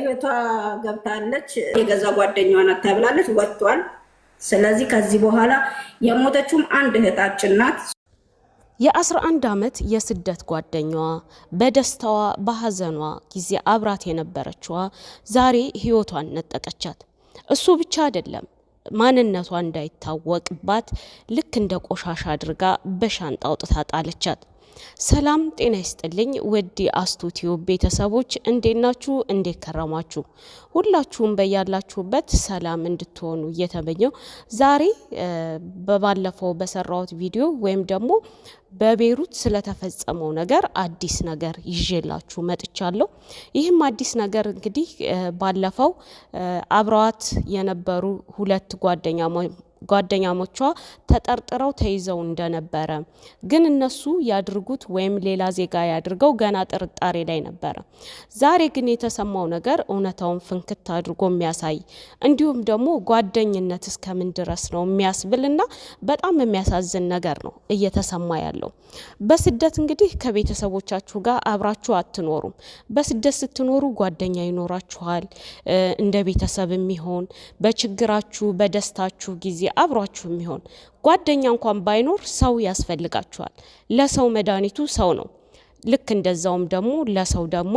እህቷ ገብታለች፣ የገዛ ጓደኛዋ ናት ተብላለች፣ ወጥቷል። ስለዚህ ከዚህ በኋላ የሞተችውም አንድ እህታችን ናት። የ11 ዓመት የስደት ጓደኛዋ በደስታዋ በሐዘኗ ጊዜ አብራት የነበረችዋ ዛሬ ህይወቷን ነጠቀቻት። እሱ ብቻ አይደለም ማንነቷ እንዳይታወቅባት ልክ እንደ ቆሻሻ አድርጋ በሻንጣ አውጥታ ጣለቻት። ሰላም ጤና ይስጥልኝ ውድ አስቱቲዮ ቤተሰቦች እንዴት ናችሁ? እንዴት ከረማችሁ? ሁላችሁም በያላችሁበት ሰላም እንድትሆኑ እየተመኘው ዛሬ በባለፈው በሰራሁት ቪዲዮ ወይም ደግሞ በቤሩት ስለተፈጸመው ነገር አዲስ ነገር ይዤላችሁ መጥቻለሁ። ይህም አዲስ ነገር እንግዲህ ባለፈው አብረዋት የነበሩ ሁለት ጓደኛ ጓደኛሞቿ ተጠርጥረው ተይዘው እንደነበረ ግን እነሱ ያድርጉት ወይም ሌላ ዜጋ ያድርገው ገና ጥርጣሬ ላይ ነበረ። ዛሬ ግን የተሰማው ነገር እውነታውን ፍንክት አድርጎ የሚያሳይ እንዲሁም ደግሞ ጓደኝነት እስከምን ድረስ ነው የሚያስብልና በጣም የሚያሳዝን ነገር ነው እየተሰማ ያለው። በስደት እንግዲህ ከቤተሰቦቻችሁ ጋር አብራችሁ አትኖሩም። በስደት ስትኖሩ ጓደኛ ይኖራችኋል፣ እንደ ቤተሰብ የሚሆን በችግራችሁ በደስታችሁ ጊዜ አብሯችሁ የሚሆን ጓደኛ እንኳን ባይኖር ሰው ያስፈልጋችኋል። ለሰው መድኃኒቱ ሰው ነው። ልክ እንደዛውም ደግሞ ለሰው ደግሞ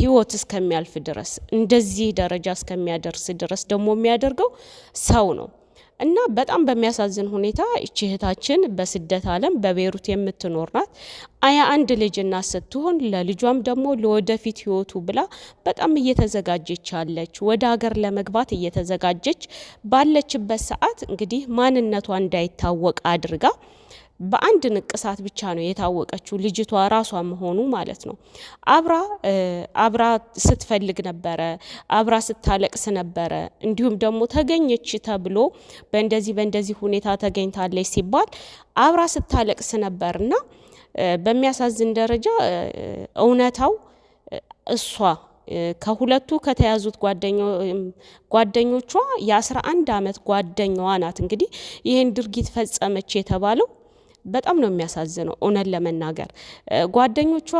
ህይወት እስከሚያልፍ ድረስ እንደዚህ ደረጃ እስከሚያደርስ ድረስ ደግሞ የሚያደርገው ሰው ነው። እና በጣም በሚያሳዝን ሁኔታ ይቺ እህታችን በስደት ዓለም በቤሩት የምትኖር ናት። አያ አንድ ልጅ እናት ስትሆን ለልጇም ደግሞ ለወደፊት ህይወቱ ብላ በጣም እየተዘጋጀች አለች። ወደ ሀገር ለመግባት እየተዘጋጀች ባለችበት ሰዓት እንግዲህ ማንነቷ እንዳይታወቅ አድርጋ በአንድ ንቅሳት ብቻ ነው የታወቀችው ልጅቷ ራሷ መሆኑ ማለት ነው። አብራ አብራ ስትፈልግ ነበረ፣ አብራ ስታለቅስ ነበረ። እንዲሁም ደግሞ ተገኘች ተብሎ በእንደዚህ በእንደዚህ ሁኔታ ተገኝታለች ሲባል አብራ ስታለቅስ ነበርና በሚያሳዝን ደረጃ እውነታው እሷ ከሁለቱ ከተያዙት ጓደኞቿ የአስራ አንድ አመት ጓደኛዋ ናት። እንግዲህ ይህን ድርጊት ፈጸመች የተባለው በጣም ነው የሚያሳዝነው። እውነት ለመናገር ጓደኞቿ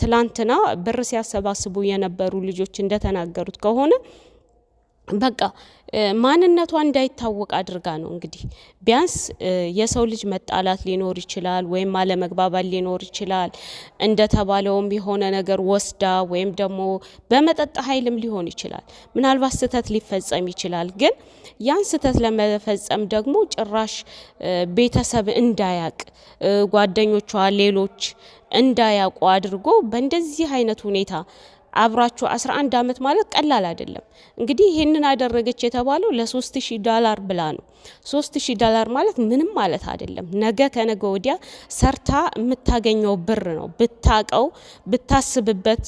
ትላንትና ብር ሲያሰባስቡ የነበሩ ልጆች እንደተናገሩት ከሆነ በቃ ማንነቷ እንዳይታወቅ አድርጋ ነው። እንግዲህ ቢያንስ የሰው ልጅ መጣላት ሊኖር ይችላል፣ ወይም አለመግባባት ሊኖር ይችላል። እንደተባለውም የሆነ ነገር ወስዳ ወይም ደግሞ በመጠጥ ኃይልም ሊሆን ይችላል። ምናልባት ስህተት ሊፈጸም ይችላል። ግን ያን ስህተት ለመፈጸም ደግሞ ጭራሽ ቤተሰብ እንዳያቅ፣ ጓደኞቿ፣ ሌሎች እንዳያውቁ አድርጎ በእንደዚህ አይነት ሁኔታ አብራችሁ 11 ዓመት ማለት ቀላል አይደለም። እንግዲህ ይህንን አደረገች የተባለው ለ3000 ዶላር ብላ ነው። 3000 ዶላር ማለት ምንም ማለት አይደለም። ነገ ከነገ ወዲያ ሰርታ የምታገኘው ብር ነው። ብታቀው ብታስብበት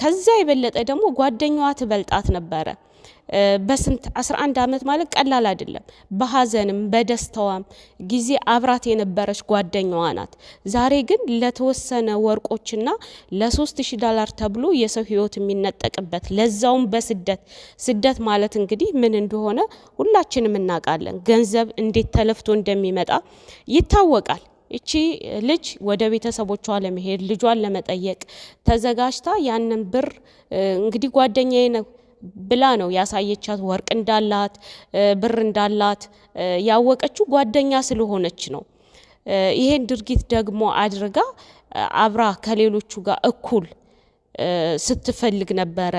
ከዛ የበለጠ ደግሞ ጓደኛዋ ትበልጣት ነበረ። በስንት 11 ዓመት ማለት ቀላል አይደለም። በሀዘንም በደስታዋም ጊዜ አብራት የነበረች ጓደኛዋ ናት። ዛሬ ግን ለተወሰነ ወርቆችና ለ3000 ዶላር ተብሎ የሰው ህይወት የሚነጠቅበት ለዛውም በስደት ስደት ማለት እንግዲህ ምን እንደሆነ ሁላችንም እናውቃለን። ገንዘብ እንዴት ተለፍቶ እንደሚመጣ ይታወቃል። እቺ ልጅ ወደ ቤተሰቦቿ ለመሄድ ልጇን ለመጠየቅ ተዘጋጅታ ያንን ብር እንግዲህ ጓደኛዬ ነው ብላ ነው ያሳየቻት። ወርቅ እንዳላት ብር እንዳላት ያወቀችው ጓደኛ ስለሆነች ነው። ይሄን ድርጊት ደግሞ አድርጋ አብራ ከሌሎቹ ጋር እኩል ስትፈልግ ነበረ፣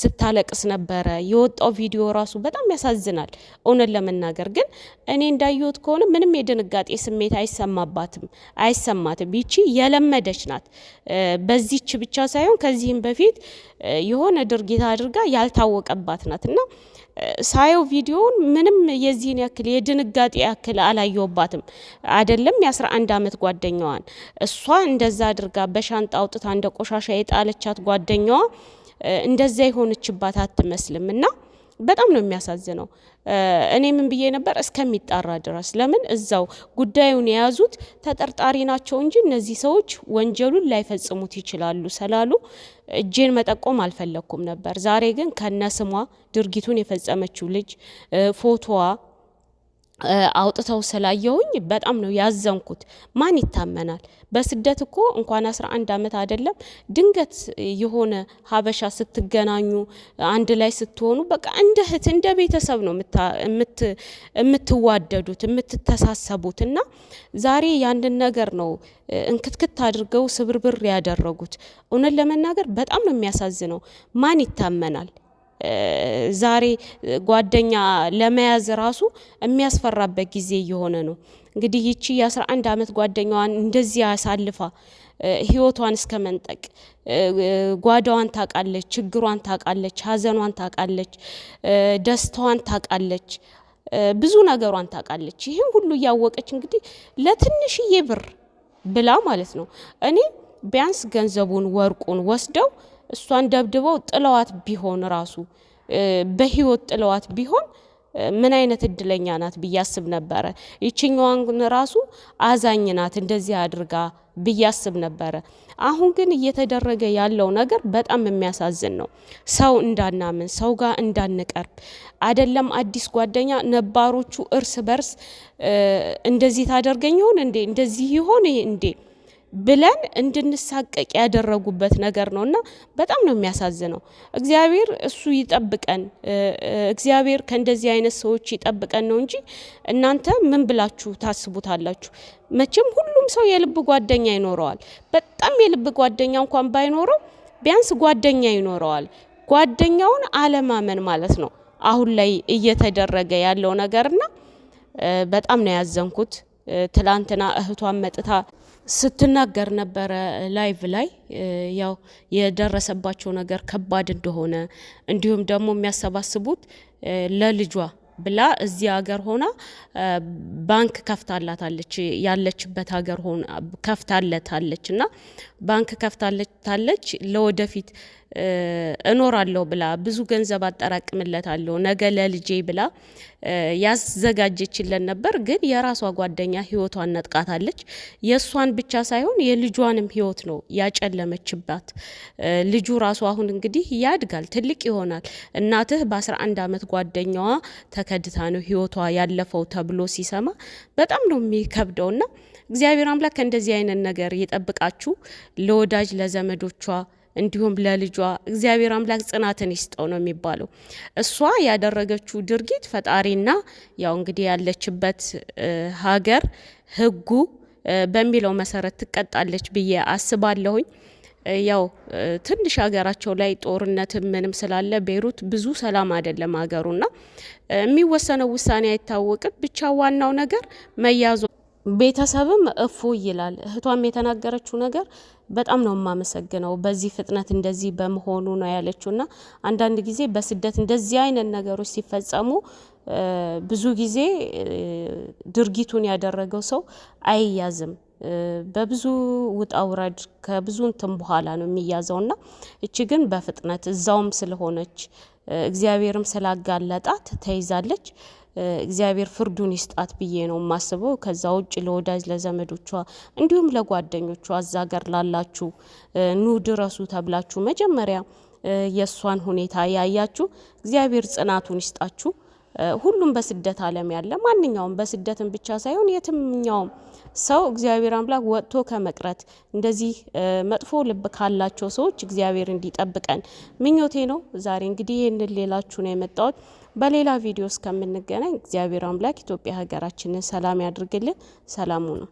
ስታለቅስ ነበረ። የወጣው ቪዲዮ ራሱ በጣም ያሳዝናል። እውነት ለመናገር ግን እኔ እንዳየሁት ከሆነ ምንም የድንጋጤ ስሜት አይሰማባትም አይሰማትም። ይቺ የለመደች ናት። በዚች ብቻ ሳይሆን ከዚህም በፊት የሆነ ድርጊት አድርጋ ያልታወቀባት ናት እና ሳየው ቪዲዮውን ምንም የዚህን ያክል የድንጋጤ ያክል አላየውባትም። አይደለም የአስራ 11 አመት ጓደኛዋን እሷ እንደዛ አድርጋ በሻንጣ አውጥታ እንደ ቆሻሻ የጣለቻት ጓደኛዋ እንደዛ የሆነችባት አትመስልም እና በጣም ነው የሚያሳዝነው። እኔ ምን ብዬ ነበር እስከሚጣራ ድረስ ለምን እዛው ጉዳዩን የያዙት ተጠርጣሪ ናቸው እንጂ እነዚህ ሰዎች ወንጀሉን ላይፈጽሙት ይችላሉ ስላሉ እጄን መጠቆም አልፈለግኩም ነበር። ዛሬ ግን ከነስሟ ድርጊቱን የፈጸመችው ልጅ ፎቶዋ አውጥተው ስላየውኝ በጣም ነው ያዘንኩት። ማን ይታመናል? በስደት እኮ እንኳን 11 ዓመት አይደለም ድንገት የሆነ ሀበሻ ስትገናኙ አንድ ላይ ስትሆኑ በቃ እንደ እህት እንደ ቤተሰብ ነው የምትዋደዱት የምትተሳሰቡት። እና ዛሬ ያንን ነገር ነው እንክትክት አድርገው ስብርብር ያደረጉት። እውነት ለመናገር በጣም ነው የሚያሳዝነው። ማን ይታመናል? ዛሬ ጓደኛ ለመያዝ ራሱ የሚያስፈራበት ጊዜ እየሆነ ነው። እንግዲህ ይቺ የአስራ አንድ አመት ጓደኛዋን እንደዚህ አሳልፋ ህይወቷን እስከ መንጠቅ ጓዳዋን ታውቃለች፣ ችግሯን ታውቃለች፣ ሀዘኗን ታውቃለች፣ ደስታዋን ታውቃለች፣ ብዙ ነገሯን ታውቃለች። ይህም ሁሉ እያወቀች እንግዲህ ለትንሽዬ ብር ብላ ማለት ነው እኔ ቢያንስ ገንዘቡን ወርቁን ወስደው እሷን ደብድበው ጥለዋት ቢሆን ራሱ በህይወት ጥለዋት ቢሆን ምን አይነት እድለኛ ናት ብዬ አስብ ነበረ። ይችኛዋን ራሱ አዛኝ ናት እንደዚህ አድርጋ ብዬ አስብ ነበረ። አሁን ግን እየተደረገ ያለው ነገር በጣም የሚያሳዝን ነው። ሰው እንዳናምን፣ ሰው ጋር እንዳንቀርብ አደለም አዲስ ጓደኛ ነባሮቹ እርስ በርስ እንደዚህ ታደርገኝ ይሆን እንዴ እንደዚህ ይሆን እንዴ ብለን እንድንሳቀቅ ያደረጉበት ነገር ነው እና በጣም ነው የሚያሳዝነው። እግዚአብሔር እሱ ይጠብቀን፣ እግዚአብሔር ከእንደዚህ አይነት ሰዎች ይጠብቀን ነው እንጂ እናንተ ምን ብላችሁ ታስቡታላችሁ? መቼም ሁሉም ሰው የልብ ጓደኛ ይኖረዋል። በጣም የልብ ጓደኛ እንኳን ባይኖረው ቢያንስ ጓደኛ ይኖረዋል። ጓደኛውን አለማመን ማለት ነው አሁን ላይ እየተደረገ ያለው ነገርና በጣም ነው ያዘንኩት። ትላንትና እህቷን መጥታ ስትናገር ነበረ ላይቭ ላይ ያው የደረሰባቸው ነገር ከባድ እንደሆነ እንዲሁም ደግሞ የሚያሰባስቡት ለልጇ ብላ እዚህ ሀገር ሆና ባንክ ከፍታላታለች። ያለችበት ሀገር ሆና ከፍታለታለች እና ባንክ ከፍታለታለች ለወደፊት እኖራለሁ ብላ ብዙ ገንዘብ አጠራቅምለታለሁ ነገ ለልጄ ብላ ያዘጋጀችለን ነበር። ግን የራሷ ጓደኛ ህይወቷን ነጥቃታለች። የእሷን ብቻ ሳይሆን የልጇንም ህይወት ነው ያጨለመችባት። ልጁ ራሱ አሁን እንግዲህ ያድጋል፣ ትልቅ ይሆናል። እናትህ በ11 ዓመት ጓደኛዋ ተከድታ ነው ህይወቷ ያለፈው ተብሎ ሲሰማ በጣም ነው የሚከብደውና እግዚአብሔር አምላክ እንደዚህ አይነት ነገር ይጠብቃችሁ። ለወዳጅ ለዘመዶቿ እንዲሁም ለልጇ እግዚአብሔር አምላክ ጽናትን ይስጠው ነው የሚባለው። እሷ ያደረገችው ድርጊት ፈጣሪና ያው እንግዲህ ያለችበት ሀገር ህጉ በሚለው መሰረት ትቀጣለች ብዬ አስባለሁኝ። ያው ትንሽ ሀገራቸው ላይ ጦርነት ምንም ስላለ ቤሩት ብዙ ሰላም አይደለም ሀገሩና የሚወሰነው ውሳኔ አይታወቅም። ብቻ ዋናው ነገር መያዙ ቤተሰብም እፎ ይላል። እህቷም የተናገረችው ነገር በጣም ነው የማመሰግነው በዚህ ፍጥነት እንደዚህ በመሆኑ ነው ያለችው። እና አንዳንድ ጊዜ በስደት እንደዚህ አይነት ነገሮች ሲፈጸሙ ብዙ ጊዜ ድርጊቱን ያደረገው ሰው አይያዝም። በብዙ ውጣ ውረድ ከብዙ እንትን በኋላ ነው የሚያዘው። እና እቺ ግን በፍጥነት እዛውም ስለሆነች እግዚአብሔርም ስላጋለጣት ተይዛለች። እግዚአብሔር ፍርዱን ይስጣት ብዬ ነው የማስበው። ከዛ ውጭ ለወዳጅ ለዘመዶቿ፣ እንዲሁም ለጓደኞቿ እዛ ሀገር ላላችሁ ኑ ድረሱ ተብላችሁ መጀመሪያ የእሷን ሁኔታ ያያችሁ እግዚአብሔር ጽናቱን ይስጣችሁ። ሁሉም በስደት ዓለም ያለ ማንኛውም በስደትን ብቻ ሳይሆን የትኛውም ሰው እግዚአብሔር አምላክ ወጥቶ ከመቅረት እንደዚህ መጥፎ ልብ ካላቸው ሰዎች እግዚአብሔር እንዲጠብቀን ምኞቴ ነው። ዛሬ እንግዲህ ይህንን ሌላችሁ ነው የመጣሁት። በሌላ ቪዲዮ እስከምንገናኝ እግዚአብሔር አምላክ ኢትዮጵያ ሀገራችንን ሰላም ያድርግልን። ሰላሙ ነው።